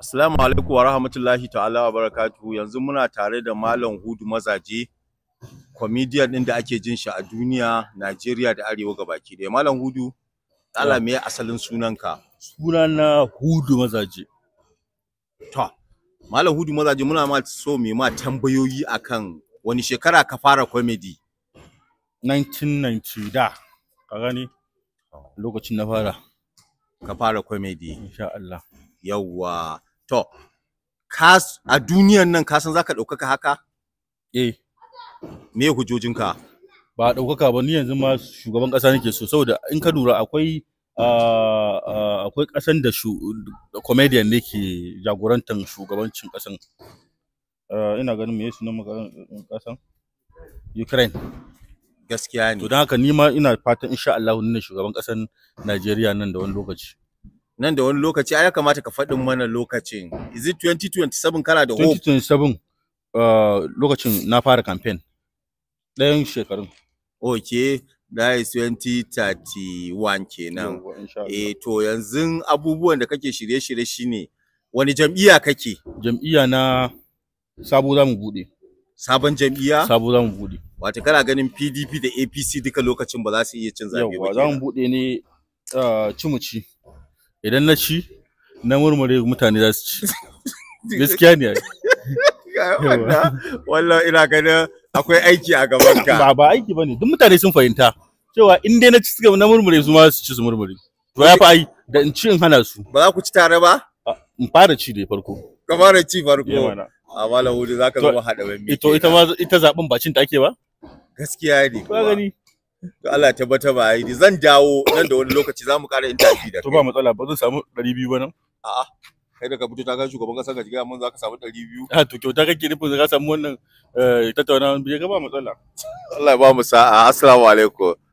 Assalamu alaikum wa rahmatullahi ta'ala wa barakatuhu. Yanzu muna tare da Malam Hudu Mazaje, comedian ɗin da ake jin shi a duniya, Najeriya da Arewa ke ɗaya. Malam Hudu, Allah me asalin sunanka? Sunana Hudu Mazaje. To, Malam Hudu Mazaje muna ma so me ma tambayoyi akan wani shekara ka fara comedy? 1990 da, ka gani? Lokacin na fara. Ka fara comedy. Insha Allah. Yawwa. to kas a duniyan nan kasan zaka ɗaukaka haka eh me hujjojinka. ba ɗaukaka ba ni yanzu ma shugaban ƙasa nake so saboda in ka lura akwai akwai ƙasan da comedian ne ke jagorantar shugabancin ƙasan ina ganin me sunan eh, ƙasan ukraine gaskiya ne to don haka ni ma ina fatan insha Allah ne shugaban ƙasan Najeriya nan da wani lokaci nan da wani lokaci ya kamata ka faɗin mana lokacin is it 2027 kana da hope 2027 uh, lokacin na fara campaign ɗayan shekarun okay that is 2031 kenan eh to yanzu abubuwan da kake shirye-shirye shine wani jam'iyya kake jam'iyya na sabo za mu bude sabon jam'iyya sabo za mu bude wato kana ganin PDP da APC duka lokacin ba za su iya cin zabe ba Yau, za mu bude ne uh, cimuci idan na ci na murmure mutane za su ci gaskiya ne Wala ina ganin akwai aiki a gaban ka ba ba aiki bane duk mutane sun fahimta cewa in dai na ci na murmure su ma su ci su murmure to ya fa ai da in ci in hana su ba za ku ci tare ba in fara ci da farko ka fara ci farko a malam hudu zaka zama hada mai ita ita ma ita zaben bacin da ake ba gaskiya ne ba gani to Allah tabbata ba yi zan dawo nan da wani lokaci za mu interview da to ba matsala ba zan samu 200 ba nan a'a kai daga fito ta ga shugaban kasa ka jiga mun za ka samu 200 a ah, to kyauta kake nufin za ka samu wannan eh, tattaunawa bai ka ba matsala Allah ya ba mu sa'a assalamu alaikum